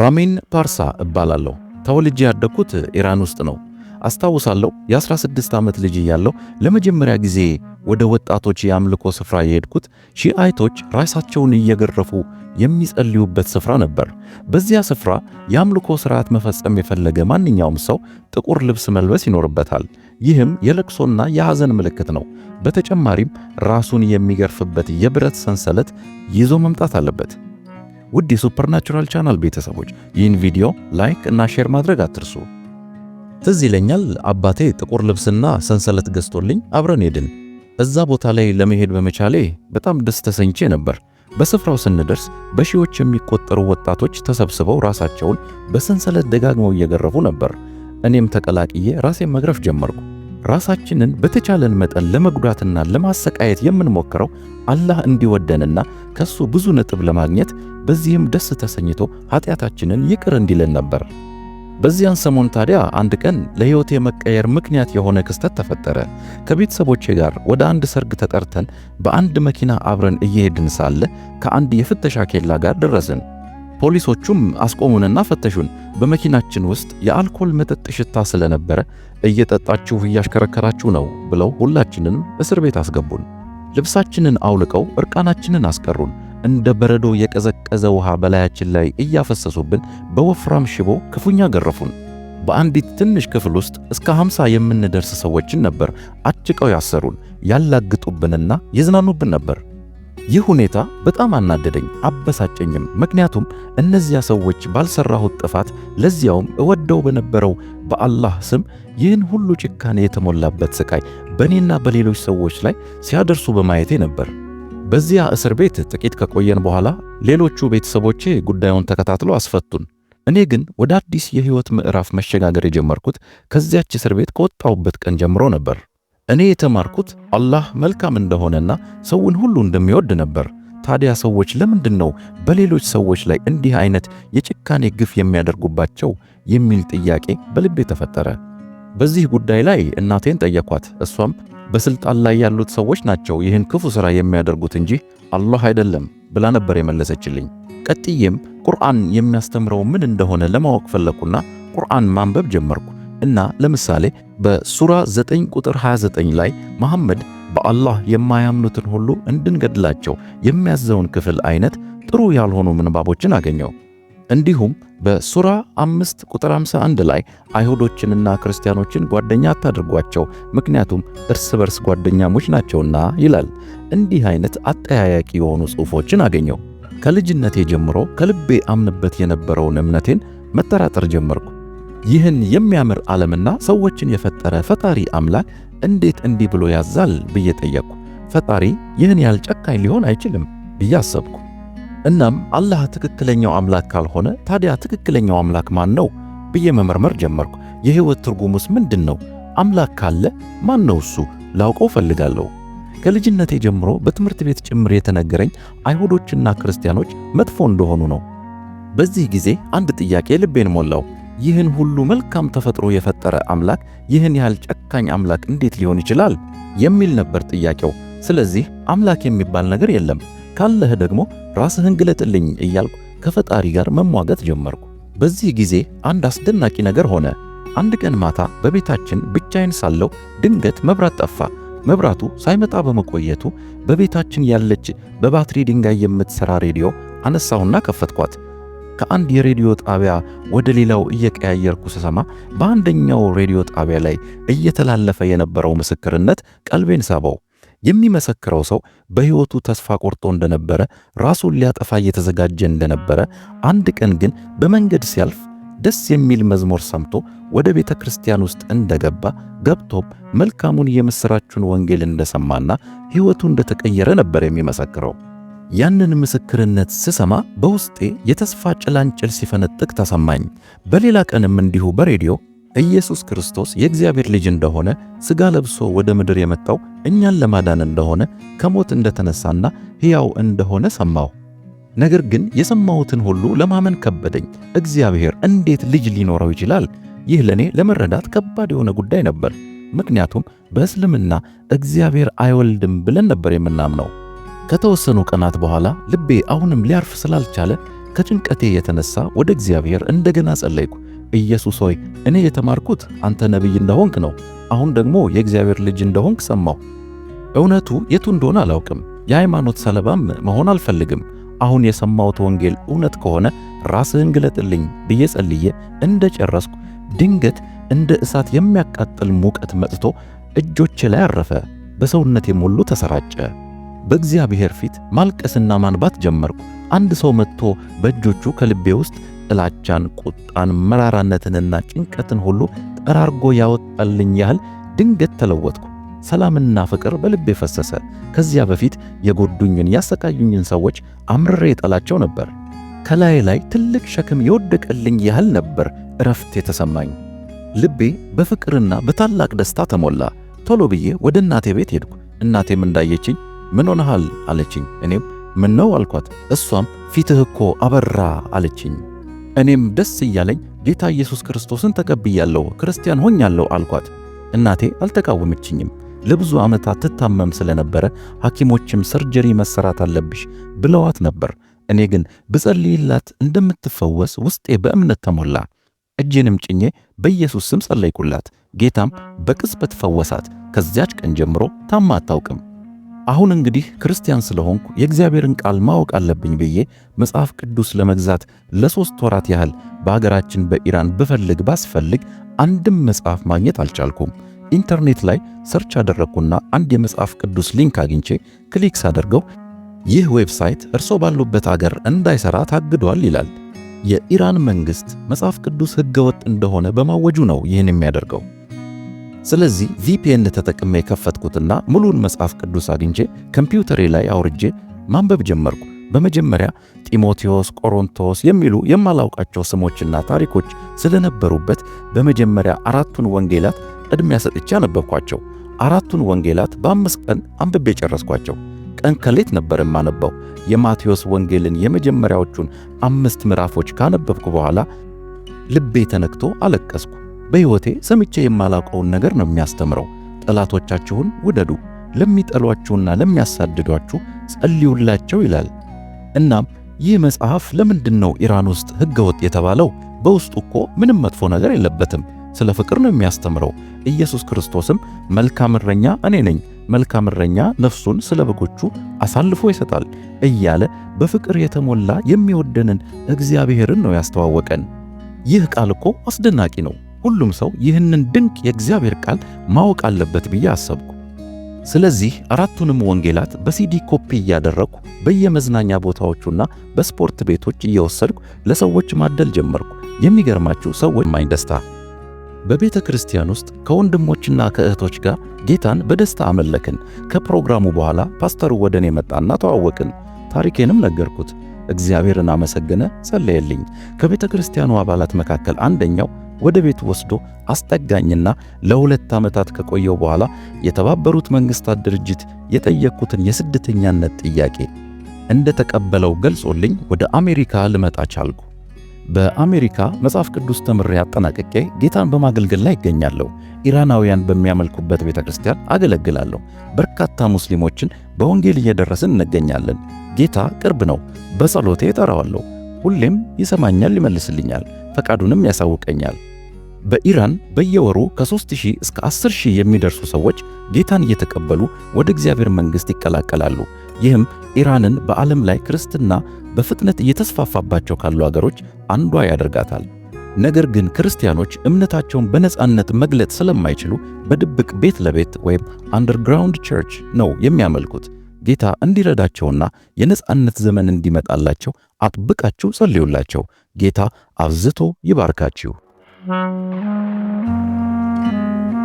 ራሜን ፓርሳ እባላለሁ። ተወልጄ ያደግኩት ኢራን ውስጥ ነው። አስታውሳለሁ የ16 ዓመት ልጅ እያለሁ ለመጀመሪያ ጊዜ ወደ ወጣቶች የአምልኮ ስፍራ የሄድኩት ሺአይቶች ራሳቸውን እየገረፉ የሚጸልዩበት ስፍራ ነበር። በዚያ ስፍራ የአምልኮ ስርዓት መፈጸም የፈለገ ማንኛውም ሰው ጥቁር ልብስ መልበስ ይኖርበታል። ይህም የለቅሶና የሐዘን ምልክት ነው። በተጨማሪም ራሱን የሚገርፍበት የብረት ሰንሰለት ይዞ መምጣት አለበት። ውድ የሱፐርናቹራል ቻናል ቤተሰቦች ይህን ቪዲዮ ላይክ እና ሼር ማድረግ አትርሱ። ትዝ ይለኛል አባቴ ጥቁር ልብስና ሰንሰለት ገዝቶልኝ አብረን ሄድን። እዛ ቦታ ላይ ለመሄድ በመቻሌ በጣም ደስ ተሰኝቼ ነበር። በስፍራው ስንደርስ በሺዎች የሚቆጠሩ ወጣቶች ተሰብስበው ራሳቸውን በሰንሰለት ደጋግመው እየገረፉ ነበር። እኔም ተቀላቅዬ ራሴን መግረፍ ጀመርኩ። ራሳችንን በተቻለን መጠን ለመጉዳትና ለማሰቃየት የምንሞክረው አላህ እንዲወደንና ከሱ ብዙ ነጥብ ለማግኘት በዚህም ደስ ተሰኝቶ ኃጢአታችንን ይቅር እንዲለን ነበር። በዚያን ሰሞን ታዲያ አንድ ቀን ለሕይወቴ መቀየር ምክንያት የሆነ ክስተት ተፈጠረ። ከቤተሰቦቼ ጋር ወደ አንድ ሰርግ ተጠርተን በአንድ መኪና አብረን እየሄድን ሳለ ከአንድ የፍተሻ ኬላ ጋር ደረስን። ፖሊሶቹም አስቆሙንና ፈተሹን። በመኪናችን ውስጥ የአልኮል መጠጥ ሽታ ስለነበረ እየጠጣችሁ እያሽከረከራችሁ ነው ብለው ሁላችንንም እስር ቤት አስገቡን። ልብሳችንን አውልቀው እርቃናችንን አስቀሩን። እንደ በረዶ የቀዘቀዘ ውሃ በላያችን ላይ እያፈሰሱብን በወፍራም ሽቦ ክፉኛ ገረፉን። በአንዲት ትንሽ ክፍል ውስጥ እስከ ሃምሳ የምንደርስ ሰዎችን ነበር አጭቀው ያሰሩን። ያላግጡብንና ይዝናኑብን ነበር። ይህ ሁኔታ በጣም አናደደኝ፣ አበሳጨኝም። ምክንያቱም እነዚያ ሰዎች ባልሰራሁት ጥፋት ለዚያውም እወደው በነበረው በአላህ ስም ይህን ሁሉ ጭካኔ የተሞላበት ስቃይ በእኔና በሌሎች ሰዎች ላይ ሲያደርሱ በማየቴ ነበር። በዚያ እስር ቤት ጥቂት ከቆየን በኋላ ሌሎቹ ቤተሰቦቼ ጉዳዩን ተከታትሎ አስፈቱን። እኔ ግን ወደ አዲስ የሕይወት ምዕራፍ መሸጋገር የጀመርኩት ከዚያች እስር ቤት ከወጣሁበት ቀን ጀምሮ ነበር። እኔ የተማርኩት አላህ መልካም እንደሆነና ሰውን ሁሉ እንደሚወድ ነበር። ታዲያ ሰዎች ለምንድን ነው በሌሎች ሰዎች ላይ እንዲህ አይነት የጭካኔ ግፍ የሚያደርጉባቸው የሚል ጥያቄ በልቤ ተፈጠረ። በዚህ ጉዳይ ላይ እናቴን ጠየኳት። እሷም በስልጣን ላይ ያሉት ሰዎች ናቸው ይህን ክፉ ሥራ የሚያደርጉት እንጂ አላህ አይደለም ብላ ነበር የመለሰችልኝ። ቀጥዬም ቁርአን የሚያስተምረው ምን እንደሆነ ለማወቅ ፈለኩና ቁርአን ማንበብ ጀመርኩ። እና ለምሳሌ በሱራ 9 ቁጥር 29 ላይ መሐመድ በአላህ የማያምኑትን ሁሉ እንድንገድላቸው የሚያዘውን ክፍል አይነት ጥሩ ያልሆኑ ምንባቦችን አገኘው። እንዲሁም በሱራ 5 ቁጥር 51 ላይ አይሁዶችንና ክርስቲያኖችን ጓደኛ አታድርጓቸው ምክንያቱም እርስ በርስ ጓደኛሞች ናቸውና ይላል። እንዲህ አይነት አጠያያቂ የሆኑ ጽሑፎችን አገኘው። ከልጅነቴ ጀምሮ ከልቤ አምንበት የነበረውን እምነቴን መጠራጠር ጀመርኩ። ይህን የሚያምር ዓለምና ሰዎችን የፈጠረ ፈጣሪ አምላክ እንዴት እንዲህ ብሎ ያዛል ብዬ ጠየቅኩ። ፈጣሪ ይህን ያህል ጨካኝ ሊሆን አይችልም ብዬ አሰብኩ። እናም አላህ ትክክለኛው አምላክ ካልሆነ ታዲያ ትክክለኛው አምላክ ማን ነው ብዬ መመርመር ጀመርኩ። የህይወት ትርጉሙስ ምንድን ነው? አምላክ ካለ ማን ነው እሱ? ላውቀው ፈልጋለሁ። ከልጅነቴ ጀምሮ በትምህርት ቤት ጭምር የተነገረኝ አይሁዶችና ክርስቲያኖች መጥፎ እንደሆኑ ነው። በዚህ ጊዜ አንድ ጥያቄ ልቤን ሞላው። ይህን ሁሉ መልካም ተፈጥሮ የፈጠረ አምላክ ይህን ያህል ጨካኝ አምላክ እንዴት ሊሆን ይችላል የሚል ነበር ጥያቄው። ስለዚህ አምላክ የሚባል ነገር የለም ካለህ ደግሞ ራስህን ግለጥልኝ እያልኩ ከፈጣሪ ጋር መሟገት ጀመርኩ። በዚህ ጊዜ አንድ አስደናቂ ነገር ሆነ። አንድ ቀን ማታ በቤታችን ብቻዬን ሳለው ድንገት መብራት ጠፋ። መብራቱ ሳይመጣ በመቆየቱ በቤታችን ያለች በባትሪ ድንጋይ የምትሰራ ሬዲዮ አነሳሁና ከፈትኳት። ከአንድ የሬዲዮ ጣቢያ ወደ ሌላው እየቀያየርኩ ስሰማ በአንደኛው ሬዲዮ ጣቢያ ላይ እየተላለፈ የነበረው ምስክርነት ቀልቤን ሳበው። የሚመሰክረው ሰው በሕይወቱ ተስፋ ቆርጦ እንደነበረ፣ ራሱን ሊያጠፋ እየተዘጋጀ እንደነበረ፣ አንድ ቀን ግን በመንገድ ሲያልፍ ደስ የሚል መዝሙር ሰምቶ ወደ ቤተ ክርስቲያን ውስጥ እንደገባ ገብቶም መልካሙን የምሥራቹን ወንጌል እንደሰማና ሕይወቱ እንደተቀየረ ነበር የሚመሰክረው። ያንን ምስክርነት ስሰማ በውስጤ የተስፋ ጭላንጭል ሲፈነጥቅ ተሰማኝ። በሌላ ቀንም እንዲሁ በሬዲዮ ኢየሱስ ክርስቶስ የእግዚአብሔር ልጅ እንደሆነ ሥጋ ለብሶ ወደ ምድር የመጣው እኛን ለማዳን እንደሆነ፣ ከሞት እንደተነሳና ሕያው እንደሆነ ሰማሁ። ነገር ግን የሰማሁትን ሁሉ ለማመን ከበደኝ። እግዚአብሔር እንዴት ልጅ ሊኖረው ይችላል? ይህ ለእኔ ለመረዳት ከባድ የሆነ ጉዳይ ነበር። ምክንያቱም በእስልምና እግዚአብሔር አይወልድም ብለን ነበር የምናምነው። ከተወሰኑ ቀናት በኋላ ልቤ አሁንም ሊያርፍ ስላልቻለ ከጭንቀቴ የተነሳ ወደ እግዚአብሔር እንደገና ጸለይኩ። ኢየሱስ ሆይ እኔ የተማርኩት አንተ ነቢይ እንደሆንክ ነው። አሁን ደግሞ የእግዚአብሔር ልጅ እንደሆንክ ሰማሁ። እውነቱ የቱ እንደሆነ አላውቅም። የሃይማኖት ሰለባም መሆን አልፈልግም። አሁን የሰማሁት ወንጌል እውነት ከሆነ ራስህን ግለጥልኝ ብዬ ጸልዬ እንደ ጨረስኩ ድንገት እንደ እሳት የሚያቃጥል ሙቀት መጥቶ እጆቼ ላይ አረፈ። በሰውነቴም ሁሉ ተሰራጨ። በእግዚአብሔር ፊት ማልቀስና ማንባት ጀመርኩ። አንድ ሰው መጥቶ በእጆቹ ከልቤ ውስጥ ጥላቻን፣ ቁጣን፣ መራራነትንና ጭንቀትን ሁሉ ጠራርጎ ያወጣልኝ ያህል ድንገት ተለወጥኩ። ሰላምና ፍቅር በልቤ ፈሰሰ። ከዚያ በፊት የጎዱኝን ያሰቃዩኝን ሰዎች አምርሬ የጠላቸው ነበር። ከላይ ላይ ትልቅ ሸክም የወደቀልኝ ያህል ነበር እረፍት የተሰማኝ። ልቤ በፍቅርና በታላቅ ደስታ ተሞላ። ቶሎ ብዬ ወደ እናቴ ቤት ሄድኩ። እናቴም እንዳየችኝ ምን ሆነሃል አለችኝ። እኔም ምን ነው አልኳት። እሷም ፊትህ እኮ አበራ አለችኝ። እኔም ደስ እያለኝ ጌታ ኢየሱስ ክርስቶስን ተቀብያለሁ፣ ክርስቲያን ሆኛለሁ አልኳት። እናቴ አልተቃወመችኝም። ለብዙ ዓመታት ትታመም ስለነበረ ሐኪሞችም ሰርጀሪ መሰራት አለብሽ ብለዋት ነበር። እኔ ግን ብጸልይላት እንደምትፈወስ ውስጤ በእምነት ተሞላ። እጄንም ጭኜ በኢየሱስ ስም ጸለይኩላት። ጌታም በቅጽበት ፈወሳት። ከዚያች ቀን ጀምሮ ታማ አታውቅም። አሁን እንግዲህ ክርስቲያን ስለሆንኩ የእግዚአብሔርን ቃል ማወቅ አለብኝ ብዬ መጽሐፍ ቅዱስ ለመግዛት ለሦስት ወራት ያህል በአገራችን በኢራን ብፈልግ ባስፈልግ አንድም መጽሐፍ ማግኘት አልቻልኩም። ኢንተርኔት ላይ ሰርች አደረግኩና አንድ የመጽሐፍ ቅዱስ ሊንክ አግኝቼ ክሊክ ሳደርገው ይህ ዌብሳይት እርሶ ባሉበት አገር እንዳይሰራ ታግዷል ይላል። የኢራን መንግሥት መጽሐፍ ቅዱስ ሕገወጥ እንደሆነ በማወጁ ነው ይህን የሚያደርገው። ስለዚህ ቪፒኤን ተጠቅሜ የከፈትኩትና ሙሉን መጽሐፍ ቅዱስ አግኝቼ ኮምፒውተሬ ላይ አውርጄ ማንበብ ጀመርኩ። በመጀመሪያ ጢሞቴዎስ፣ ቆሮንቶስ የሚሉ የማላውቃቸው ስሞችና ታሪኮች ስለነበሩበት በመጀመሪያ አራቱን ወንጌላት ቅድሚያ ሰጥቼ አነበብኳቸው። አራቱን ወንጌላት በአምስት ቀን አንብቤ ጨረስኳቸው። ቀን ከሌት ነበር የማነባው የማቴዎስ ወንጌልን የመጀመሪያዎቹን አምስት ምዕራፎች ካነበብኩ በኋላ ልቤ ተነክቶ አለቀስኩ። በሕይወቴ ሰምቼ የማላውቀውን ነገር ነው የሚያስተምረው። ጠላቶቻችሁን ውደዱ፣ ለሚጠሏችሁና ለሚያሳድዷችሁ ጸልዩላቸው ይላል። እናም ይህ መጽሐፍ ለምንድን ነው ኢራን ውስጥ ሕገወጥ የተባለው? በውስጡ እኮ ምንም መጥፎ ነገር የለበትም። ስለ ፍቅር ነው የሚያስተምረው። ኢየሱስ ክርስቶስም መልካም እረኛ እኔ ነኝ፣ መልካም እረኛ ነፍሱን ስለ በጎቹ አሳልፎ ይሰጣል እያለ በፍቅር የተሞላ የሚወደንን እግዚአብሔርን ነው ያስተዋወቀን። ይህ ቃል እኮ አስደናቂ ነው። ሁሉም ሰው ይህንን ድንቅ የእግዚአብሔር ቃል ማወቅ አለበት ብዬ አሰብኩ። ስለዚህ አራቱንም ወንጌላት በሲዲ ኮፒ እያደረግኩ በየመዝናኛ ቦታዎቹና በስፖርት ቤቶች እየወሰድኩ ለሰዎች ማደል ጀመርኩ። የሚገርማችሁ ሰዎች ማኝ ደስታ በቤተ ክርስቲያን ውስጥ ከወንድሞችና ከእህቶች ጋር ጌታን በደስታ አመለክን። ከፕሮግራሙ በኋላ ፓስተሩ ወደ እኔ መጣና ተዋወቅን። ታሪኬንም ነገርኩት። እግዚአብሔርን አመሰገነ፣ ጸለየልኝ። ከቤተ ክርስቲያኑ አባላት መካከል አንደኛው ወደ ቤቱ ወስዶ አስጠጋኝና ለሁለት ዓመታት ከቆየው በኋላ የተባበሩት መንግሥታት ድርጅት የጠየቅኩትን የስደተኛነት ጥያቄ እንደተቀበለው ገልጾልኝ ወደ አሜሪካ ልመጣ ቻልኩ። በአሜሪካ መጽሐፍ ቅዱስ ተምሬ አጠናቅቄ ጌታን በማገልገል ላይ ይገኛለሁ። ኢራናውያን በሚያመልኩበት ቤተ ክርስቲያን አገለግላለሁ። በርካታ ሙስሊሞችን በወንጌል እየደረስን እንገኛለን። ጌታ ቅርብ ነው። በጸሎቴ እጠራዋለሁ። ሁሌም ይሰማኛል፣ ይመልስልኛል፣ ፈቃዱንም ያሳውቀኛል። በኢራን በየወሩ ከ3000 እስከ 10000 የሚደርሱ ሰዎች ጌታን እየተቀበሉ ወደ እግዚአብሔር መንግሥት ይቀላቀላሉ። ይህም ኢራንን በዓለም ላይ ክርስትና በፍጥነት እየተስፋፋባቸው ካሉ አገሮች አንዷ ያደርጋታል። ነገር ግን ክርስቲያኖች እምነታቸውን በነፃነት መግለጥ ስለማይችሉ በድብቅ ቤት ለቤት ወይም አንደርግራውንድ ቸርች ነው የሚያመልኩት። ጌታ እንዲረዳቸውና የነፃነት ዘመን እንዲመጣላቸው አጥብቃችሁ ጸልዩላቸው። ጌታ አብዝቶ ይባርካችሁ። Thank you.